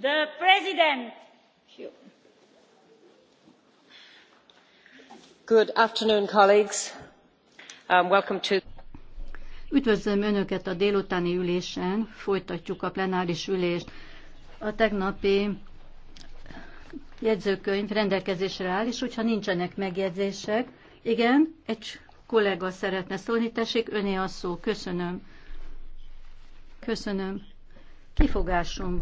the president good afternoon colleagues um, welcome to Üdvözlöm Önöket a délutáni ülésen, folytatjuk a plenáris ülést. A tegnapi jegyzőkönyv rendelkezésre áll, és hogyha nincsenek megjegyzések, igen, egy kollega szeretne szólni, tessék, öné a szó, köszönöm. Köszönöm. Kifogásom